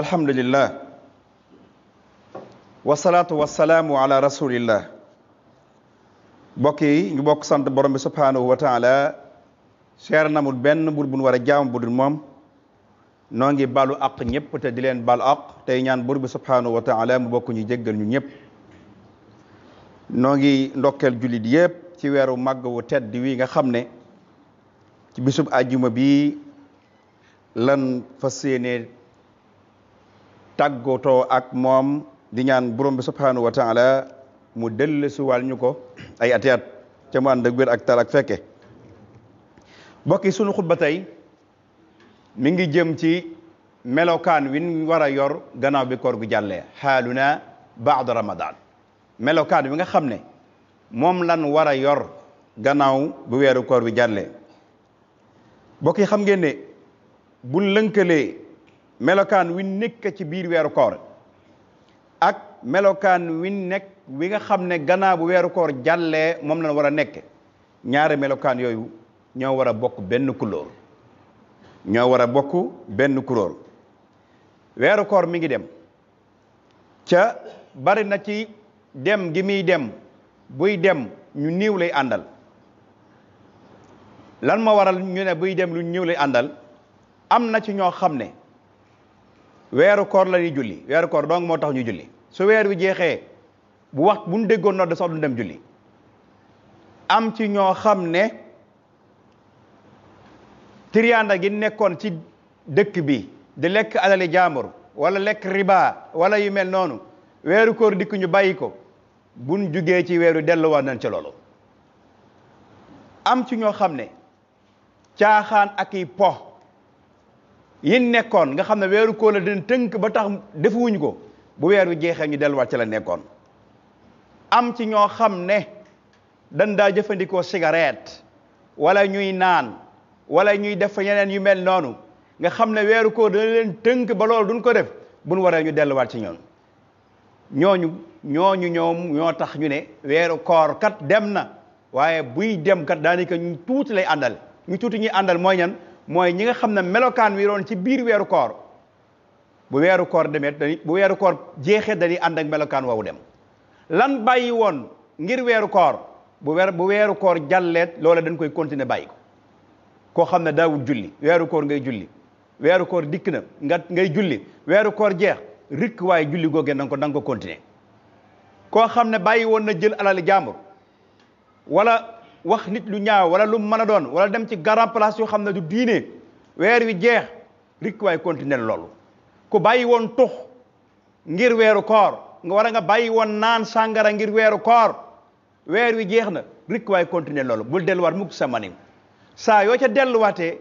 alhamdulillah wasalaatu wasalaamu ala rasulillah mbokk yi bokk sant borom bi subhaanahu wa taala seer namul benn bur buñ war a jaam bu moom noo ngi balu aq ñëpp te di leen balu tey ñaan bur bi subhaanahu wa taala mu bokk ñu jéggal ñu ñëpp noo ngi ndokkeel jullit yépp ci weeru màgg wu tedd wi nga xam ne ci bisub àjjuma bi lan fas yéenee tàggatoo ak moom di ñaan borom bi subhanahu wa taala mu dellu si ñu ko ay ati at ca mu ànd ak wér ak tal ak fekke mbokk yi sunu xutba tey mi ngi jëm ci melokaan win war a yor gannaaw bi kor koor gu jàllee xaaluna baada ramadan melokaan wi nga xam ne moom lan war a yor gannaaw bu weeru koor bi jàllee mbokk xam ngeen ne bu melokaan wi nekk ci biir weeru koor ak melokaan wi nekk wi nga xam ne gannaaw bu weeru koor jàllee moom lañ war a nekk ñaari melokaan yooyu ñoo war a bokk benn couleur ñoo war a bokk benn couleur weeru koor mi ngi dem ca bari na ci dem gi muy dem buy dem ñu niiw lay àndal lan moo waral ñu ne buy dem lu ñëw lay àndal am na ci ñoo xam ne weeru koor la ñuy julli weeru koor donc moo tax ñu julli su weer wi jeexee bu wax bu ñu déggoon nodd sax du dem julli am ci ñoo xam ne tiriyaanda gi nekkoon ci dëkk bi di lekk alale jaambur wala lekk riba wala yu mel noonu weeru koor dikk ñu bàyyi ko buñ jugee ci weeru delluwaat nañ ci loolu am ci ñoo xam ne caaxaan ak po yin nekkoon nga xam ne weeru kóor la dina tënk ba tax defuwuñ ko bu weeru jeexee ñu delluwaat ci la nekkoon am ci ñoo xam ne dañ daa jëfandikoo cigarette wala ñuy naan wala ñuy def fa yeneen yu mel noonu nga xam ne weeru kóor tënk ba loolu duñ ko def buñ waree ñu delluwaat ci ñoom ñooñu ñooñu ñoom ñoo tax ñu ne weeru koor kat dem na waaye buy dem kat daanaka ñu tuuti lay àndal ñu tuuti ñuy àndal mooy ñan mooy ñi nga xam ne melokaan wi doon ci biir weeru koor bu weeru koor demee bu weeru koor jeexee dañuy ànd ak melokaan woowu dem lan bàyyi woon ngir weeru koor bu weer bu weeru koor jàlleet loola dañ koy continuer bàyyi ko koo xam ne daawul julli weeru koor ngay julli weeru koor dikk na nga ngay julli weeru koor jeex rikk waaye julli googee na nga ko da ko continuer koo xam ne bàyyi woon na jël alal jàmbur wala wax nit lu ñaaw wala lu mën a doon wala dem ci grand place yoo xam ne du diine weer wi jeex rik waay continuer loolu ko bàyyi woon tux ngir weeru koor nga war a nga bàyyi woon naan sàngara ngir weeru koor weer wi jeex na rik waay continuer loolu bul delluwaat mukk sa manin saa yoo ca delluwaatee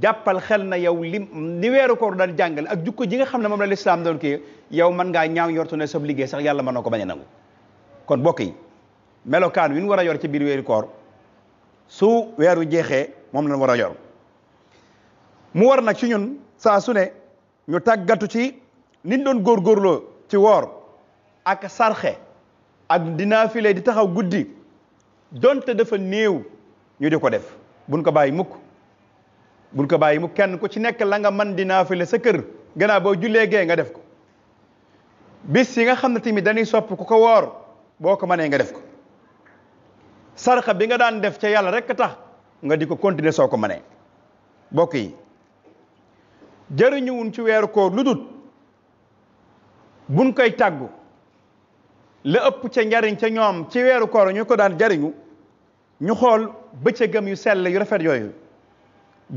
jàppal xel na yow lim ni weeru koor dal jàngale ak jukko ji nga xam ne moom la lislaam doon kii yow mën ngaa ñaaw yortu ne sab liggéey sax yàlla mën na ko bañ a nangu kon bokk yi melokaan wi ñu war a yor ci biir weeru koor su weeru jeexee moom lañ war a yor mu war nag ci ñun saa su ne ñu tàggatu ci niñ doon góorloo ci woor ak sarxe ak dinaa file di taxaw guddi donte dafa néew ñu di ko def buñ ko bàyyi mukk buñ ko bàyyi mukk kenn ku ci nekk la man mën dinaa file sa kër gannaaw boo jullee gee nga def ko bis yi nga xam ne tamit dañuy sopp ko ko woor boo ko mënee nga def ko sarxa bi nga daan def ca yàlla rek tax nga di ko continuer soo ko manee bokk yi jëriñuwun ci weeru koor lu dut buñ koy tàggu la ëpp ca njariñ ca ñoom ci weeru koor ñu ko daan jariñu ñu xool bëccëgam yu sell yu rafet yooyu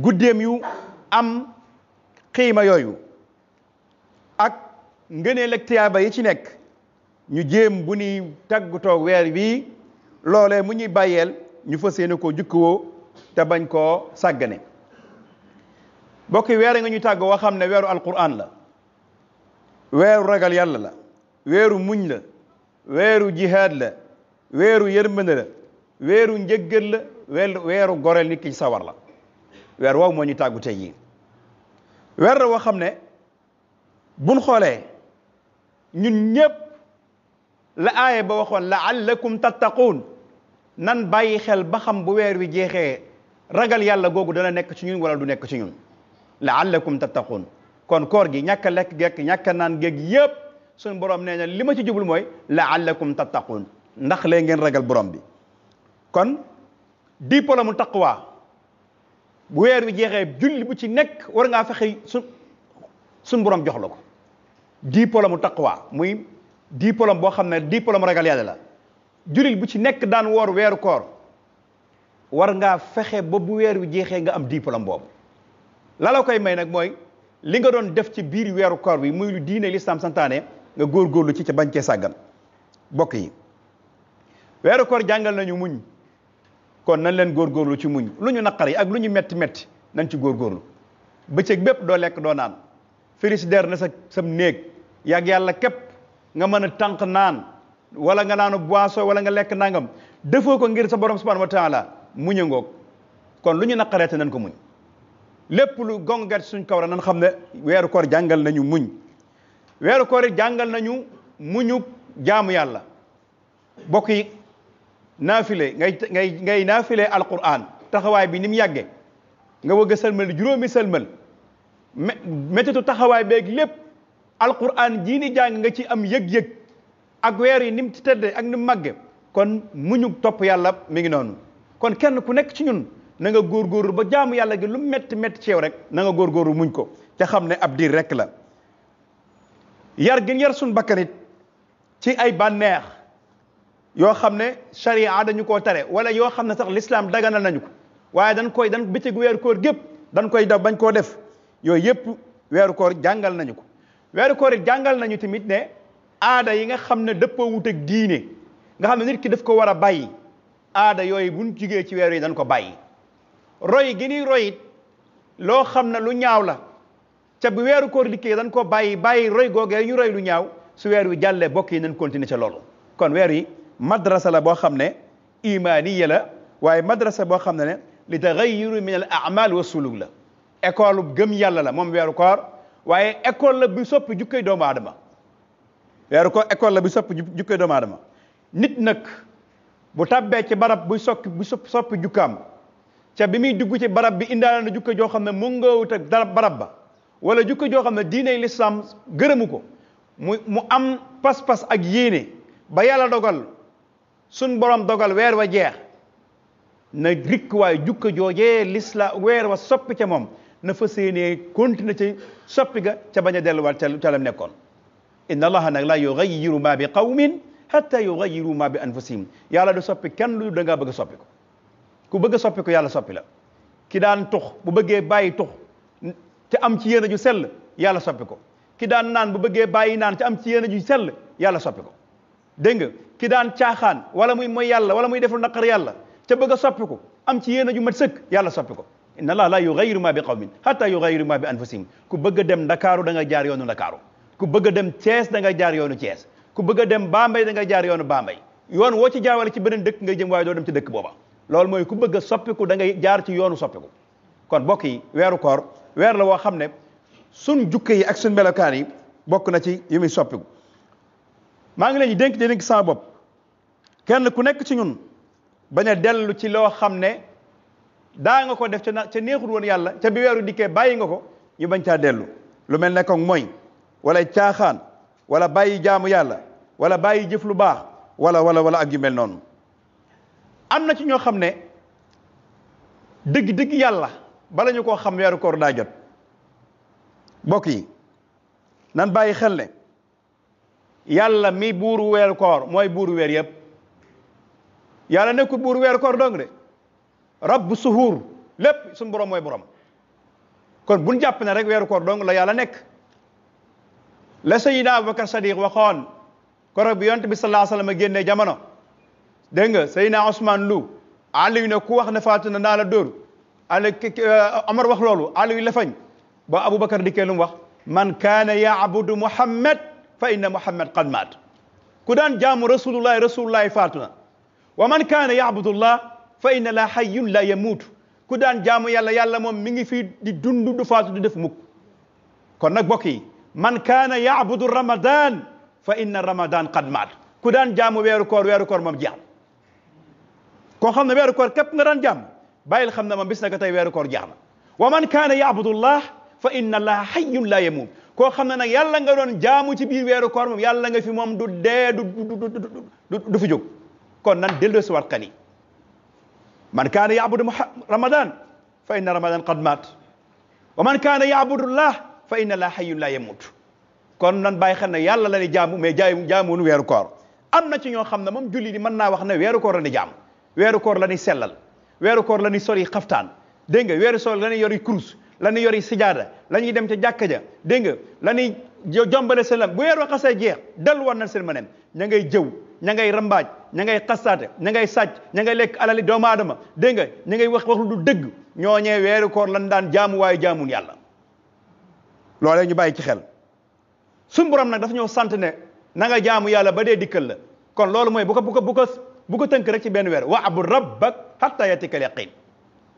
guddeem yu am xiima yooyu ak ngëneel ak tiyaaba yi ci nekk ñu jéem bu ñuy tàggutoo weer wii loole mu ñuy bàyyeel ñu fas yéene koo jukkoo te bañ koo sàggane bokki weer nga ñu tàgg woo xam ne weeru alquran la weeru ragal yàlla la weeru muñ la weeru jihaad la weeru yërmande la weeru njëggal la weeru goreel nit ki sawar la weer woowu moo ñu tàggu tey yi weer la woo xam ne buñ xoolee ñun ñëpp la aaye ba waxoon la laallakum tattaquun nan bàyyi xel ba xam bu weer wi jeexee ragal yàlla googu dana nekk ci ñun wala du nekk ci ñun laallakum tattaqun kon koor gi ñàkk a lekk geek ñàkk a naan geek yépp suñ borom nee na li ma ci jublu mooy la laallakum tattaqun ndax lee ngeen ragal borom bi kon diplôme mu taqwa bu weer wi jeexee julli bu ci nekk war ngaa fexe su suñu borom jox la ko diplôme mu taqwa muy diplôme boo xam ne diplôme ragal yàlla la jullit bu ci nekk daan woor weeru koor war ngaa fexe ba bu weer wi jeexee nga am diplôme boobu la la koy may nag mooy li nga doon def ci biir weeru koor bi muy lu diine li santaane nga góor góorlu ci ca bañ cee sàggan bokk yi weeru jàngal nañu muñ kon nañ leen góor góorlu ci muñ lu ñu naqar yi ak lu ñu metti metti nañ ci góor góorgóorlu bëccëg bépp doo lekk doo naan frigidaire na sa sam néeg yàgg yàlla képp nga mën a tànq naan wala nga naan boisson wala nga lekk nangam defoo ko ngir sa borom subhanahu wa taala muñ ngoog kon lu ñu naqareete nañ ko muñ lépp lu gongat suñ kawra nan xam ne weeru koor jàngal nañu muñ weeru koor jàngal nañu muñu jaamu yàlla bokk yi naafile ngay ngay ngay naafile alquran taxawaay bi ni mu yàggee nga wëgg a sëlmal juróomi sëlmal métitu taxawaay beeg lépp alquran jii ni jàng nga ci am yëg-yëg ak weer yi ni mu ci tëddee ak ni màgge kon muñu topp yàlla mi ngi noonu kon kenn ku nekk ci ñun na nga góorgóorlu ba jaamu yàlla gi lu métti métti ci rek na nga góorgóorlu muñ ko ci xam ne ab diir rek la yar gin yar suñ bakkanit ci ay bànneex yoo xam ne charia dañu koo tare wala yoo xam ne sax l'islam daganal nañu ko waaye dañ koy dan bëccëgu weeru koor gépp dañ koy daw bañ koo def yooyu yëpp weeru koor jàngal nañu ko weeru koor jàngal nañu tamit ne aada yi nga xam ne dëppoo wut ak nga xam ne nit ki daf ko war a bàyyi aada yooyu buñ jigee ci weer yi dañ ko bàyyi roy gi ni royit loo xam ne lu ñaaw la ca bu weeru koor dikkee dañ ko bàyyi bàyyi roy googee ñu roy lu ñaaw su weeru jàllee bokk yi nañ continuer ca loolu kon weer yi madrasa la boo xam ne imaaniya la waaye madrasa boo xam ne ne li taxayuru min al amal wa suluk la école gëm yàlla la moom weeru koor waaye école la bu soppi jukkay doomu aadama weeru ko école la bi soppi jukkoy doomu aadama nit nag bu tàbbee ci barab buy sokki bu soppi jukkaam ca bi muy dugg ci barab bi indaale na jukko joo xam ne mu ngawut ak dara barab ba wala jukko joo xam ne diiney lislaam gërëmu ko mu mu am pas-pas ak yéene ba yàlla dogal sun borom dogal weer wa jeex na rikk waay jukko joojee lislaam weer wa soppi ca moom na fa séenee continuer ci soppi ga ca bañ a delluwaat ca la nekkoon inna allaha nag laa yughayyiru ma bi qawmin hatta yughayyiru ma bi anfusihim yàlla du soppi kenn lu da ngaa bëgg a soppi ku bëgg a soppi ko yàlla soppi la ki daan tux bu bëggee bàyyi tux te am ci yéene ju sell yàlla soppi ko ki daan naan bu bëggee bàyyi naan te am ci yéene ju sell yàlla soppi ko dégg nga ki daan caaxaan wala muy mooy yàlla wala muy deful naqar yàlla te bëgg a soppi ko am ci yéene ju mat sek yàlla soppi ko inna allaha laa yughayyiru ma bi qawmin hatta yughayyiru ma bi anfusihim ku bëgg dem ndakaaru da jaar yoonu ndakaaru ku bëgg dem Thiès da nga jaar yoonu Thiès ku bëgg dem Bambey da nga jaar yoonu Bambey yoon woo ci jaawale ci beneen dëkk ngay jëm waaye doo dem ci dëkk booba loolu mooy ku bëgga a soppiku da ngay jaar ci yoonu soppiku kon bokk yi weeru koor weer la woo xam ne suñ jukke yi ak suñ melokaan yi bokk na ci yi muy soppiku maa ngi leen di dénk di dénk sama bopp kenn ku nekk ci ñun bañ a dellu ci loo xam ne daa nga ko def ca ca neexul woon yàlla ca bi weeru dikkee bàyyi nga ko ñu bañ caa dellu lu mel ne kon mooy wala caaxaan wala bàyyi jaamu yàlla wala bàyyi jëf lu baax wala wala wala ak yu noonu am na ci ñoo xam ne dëgg dëgg yàlla bala ñu koo xam weeru koor daa jot mbokk yi nan bàyyi xel ne yàlla mi buuru weeru koor mooy buuru weer yëpp yàlla nekkul buur weeru koor dong de rabbu suhuur lépp suñu borom mooy borom kon buñ jàpp na rek weeru koor dong la yàlla nekk la sayida aboubacar sadiq waxoon korog bi yonte bi salaa sallam a génnee jamono dégg nga sayida ousmane lu aliyu ne ku wax ne faatu na naa la dóor ali euh, omar wax loolu aliyu la fañ ba aboubacar dikkee lu mu wax man kaana yaabudu muhammad fa inna muhammad qad maat ku daan jaamu rasulullahi rasulullahi faatu na wa man kaana yaabudullah fa inna la hayyun la yamuutu ku daan jaamu yàlla yàlla moom mi ngi fii di dund du faatu du def mukk kon nag bokk yi man kaana yaabudu ramadan fa inna ramadan qad maat ku daan jaamu weeru koor weeru koor moom jeex koo xam ne weeru koor képp nga daan jaamu bàyyil xam ne moom bis na ko tey weeru koor jeex na wa man kaana yaabudu llah fa inna allaha hayyun la yamuut koo xam ne nag yàlla nga doon jaamu ci biir weeru koor moom yàlla nga fi moom du dee du du du fi jóg kon nan dellu si waat xel yi man kaana yaabudu ramadan fa inna ramadan qad maat wa man kaana yaabudu llah fa inna laa hayyun laa yamut kon nan bàyyi xel ne yàlla la ni jaamu mais jaay jaamuwunu weeru koor am na ci ñoo xam ne moom julli di mën naa wax ne weeru koor la ni jaam weeru koor la ni sellal weeru koor la ni sori xaftaan dégg nga sol la ni yori kurus la ni yori sijaada la ñuy dem ca jàkka ja dégg nga la ni jombale seen lam bu weeru xasee jeex delluwaat na seen mëneem ña ngay jëw ña ngay rambaaj ña ngay xasaate ña ngay sàcc ña ngay lekk alali doomu aadama dégg nga ña ngay wax wax du dëgg ñooñee weeru koor lan daan jaamu waaye jaamun yàlla loole ñu bàyyi ci xel suñ borom nag dafa ñoo sant ne na nga jaamu yàlla ba dee dikkal la kon loolu mooy bu ko bu ko bu ko bu ko tënk rek ci benn weer wa abu rabbak hatta yatikal yaqin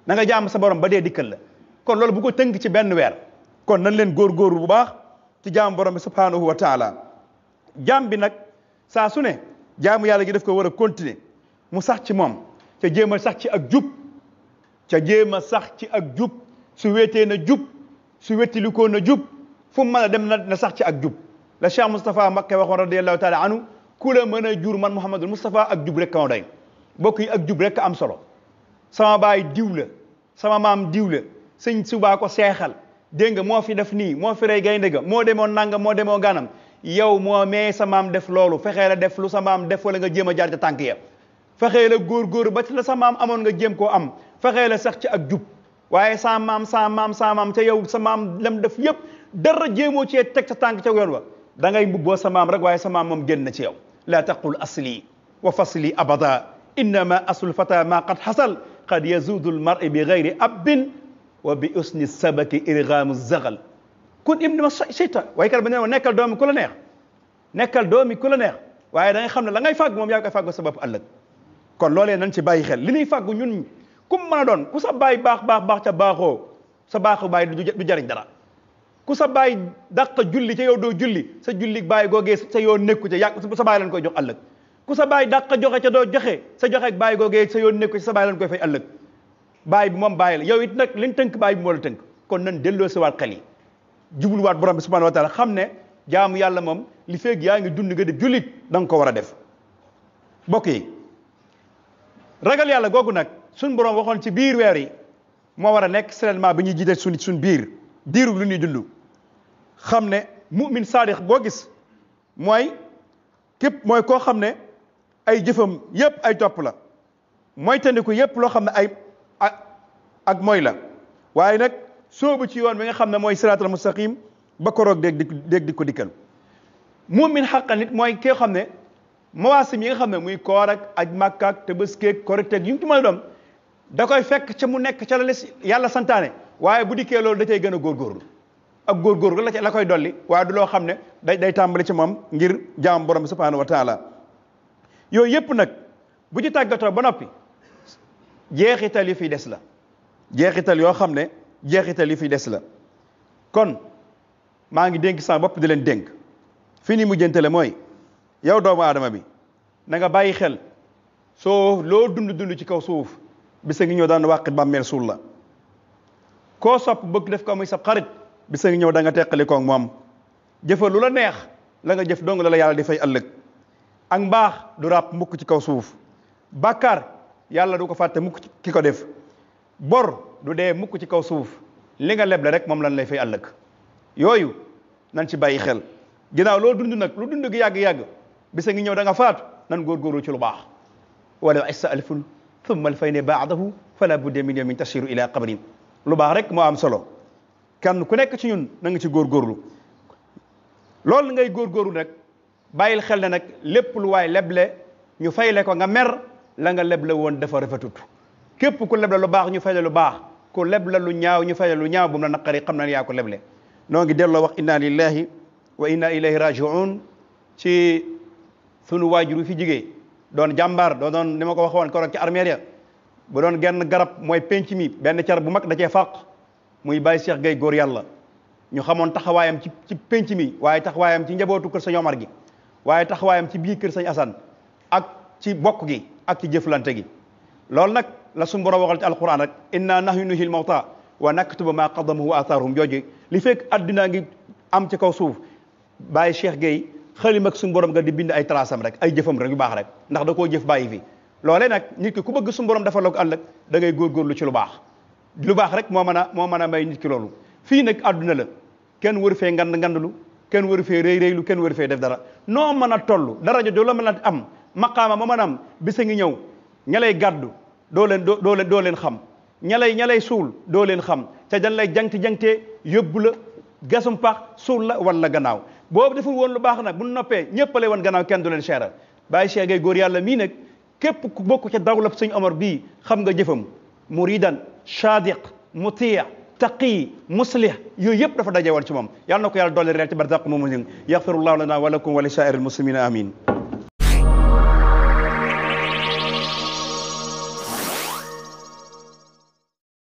na nga jaamu sa borom ba dee dikkal la kon loolu bu ko tënk ci benn weer kon nañ leen góorgóorlu bu baax ci jaamu borom bi subhanahu wa taala jaam bi nag saa su ne jaamu yàlla ji daf ko war a continuer mu sax ci moom ca jéem a sax ci ak jub ca jéem a sax ci ak jub su weetee na jub su wettili na jub fu mu mën a dem na sax ci ak jub la Cheikh Moustapha Mbakke waxoon radiallahu taala anhu ku la mën a jur man Mouhamadul Moustapha ak jub rek ka ma doy yi ak jub rek am solo sama baay diw la sama maam diw la sëñ subaa ko seexal dégg nga moo fi def nii moo fi rey gaynde ga moo demoon nangam moo demoo gaanam yow moo mee sa maam def loolu fexee la def lu sa maam def wala nga jéem a jaar ca tànk ya fexee la góor góor ba ci la sa maam amoon nga jéem koo am fexee la sax ci ak jub waaye sa maam sa maam sa maam ca yow sa maam lam def yëpp dara jéemoo cee teg ca tànk ca yoon wa da ngay mbubboo sa maam rek waaye sa maam moom génn na ci yow laa taqul asli wa fasli abada innama aslul fata ma qad xasal qad yazuudu lmari bi gayri abbin wa bi usni sabaki irgaamu zagal kun ibnu shaytan waaye kat ba ne nekkal doomi ku la neex nekkal doomi ku la neex waaye da xam ne la ngay fàgg moom yaa ngi koy fàggu sa bopp ëllëg kon loole nañ ci bàyyi xel li ñuy fàggu ñun ku mu a doon ku sa baay baax baax baax ca baaxoo sa baax baay du jariñ dara ku sa baay dàq julli ca yow doo julli sa julli baay googee sa yoo nekku ca yàgg sa baay lañ koy jox ëllëg ku sa baay dàq joxe ca doo joxe sa joxe ak baay googee sa yoo nekku ca sa baay lañ koy fay ëllëg baay bi moom baay la yow it nag liñ tënk baay bi moo la tënk kon nañ delloo si waat xel yi jubluwaat borom bi subhanahu wa taala xam ne jaamu yàlla moom li feeg yaa ngi dund nga def jullit da nga ko a def yi ragal yàlla googu nag suñ borom waxoon ci biir weer yi moo war a nekk seulement bi ñuy jiite suñ suñ biir diiru lu ñuy dund xam ne mu'min saadix boo gis mooy képp mooy koo xam ne ay jëfam yépp ay topp la mooy tandiku yépp loo xam ne ay ak mooy la waaye nag soobu ci yoon bi nga xam ne mooy siraatal mustaqim ba koroog déeg di déeg di ko dikkal mu'min xaqan nit mooy koo xam ne mawaasim yi nga xam ne muy koor ak aj màkkaak tëbëskeeg koriteeg yu mu ci mën doon da koy fekk ca mu nekk ca la les yàlla santaane waaye bu dikkee loolu da cay gën a góorgóorlu ak góorgóorlu la ca la koy dolli waaye du loo xam ne day day tàmbali ci moom ngir jaam borom bi subhanahu yooyu yëpp nag bu ci tàggatoo ba noppi jeexital yi fi des la jeexital yoo xam ne jeexital yi fi des la kon maa ngi dénk sama bopp di leen dénk fi ni mu jëntale mooy yow doomu aadama bi nanga nga bàyyi xel soo loo dund dund ci kaw suuf bisa ngi ñëw daan wàqit bàmmeel suul la koo sopp bëgg def ko muy sab xarit bisa ngi ñëw da nga teqali koog moom jëfal lu la neex la nga jëf dong la la yàlla di fay ëllëg ak mbaax du ràpp mukk ci kaw suuf bàkkaar yàlla du ko fàtte mukk ki ko def bor du dee mukk ci kaw suuf li nga leble rek moom lan lay fay ëllëg yooyu nan ci bàyyi xel ginnaaw loo dund nag lu dund gi yàgg-yàgg bisa ngi ñëw da nga faatu góor góorgóorlu ci lu baax wala isa alfun thumma al fay ne baadahu fala budde min yawmin tasiru ila qabrin lu baax rek moo am solo kenn ku nekk ci ñun na nga ci góorgóorlu loolu ngay góorgóorlu nag bàyyil xel ne nag lépp lu waay leble ñu fayle ko nga mer la nga leble woon dafa rafetut képp ku leble lu baax ñu fayle lu baax ku leble lu ñaaw ñu fayle lu ñaaw bu mu la naqari xam na yaa ko leble noo ngi delloo wax inna lillahi wa inna ilayhi rajiun ci sunu waajur fi jigéen doon jàmbaar doo doon ni ma ko wax woon koroog ci armeer ya bu doon genn garab mooy penc mi benn car bu mag da cee fàq muy Baye Cheikh Gueye góor yàlla ñu xamoon taxawaayam ci ci penc mi waaye taxawaayam ci njabootu kër sëñ Omar gi waaye taxawaayam ci biir kër sëñ Assane ak ci bokk gi ak ci jëflante gi loolu nag la suñu borom waxal ci alquran rek inna nahnu nuhyil mawta wa naktubu ma qadamu wa atharuhum jooju li fekk addinaa ngi am ci kaw suuf Baye Cheikh Gueye xalima ak suñu nga di bind ay trasam rek ay jëfam rek yu baax rek ndax da koo jëf bàyyi fi loole nag nit ki ku bëgg suñu borom dafa log àllëg da ngay góorgóorlu ci lu baax lu baax rek moo mën a moo mën a may nit ki loolu fii nag àdduna la kenn waru fee nganda ngandlu kenn waru fee réy réylu kenn waru fee def dara noo mën a toll daraja doo la mën a am maqaama moo man a am bisa ngi ñëw ñalay gàddu doo leen doo doole leen doo leen xam ña lay ña lay suul doo leen xam te dañ lay jangti jangtee yóbbu la gasum pax suul la gannaaw boobu deful woon lu baax nag bu noppee ñëpp lay woon kenn du leen seeral bàyyi Cheikh Gueye góor yàlla mii nag képp ku bokk ca dawlab sëñ Omar bii xam nga jëfam muridan sadiq mutia taqi muslih yooyu yëpp dafa daje woon ci moom yàlla na ko yàlla dolli reer ci barzaq moomu ñëng yaxfirullahu lana wa lakum wa li saa'iril muslimina amin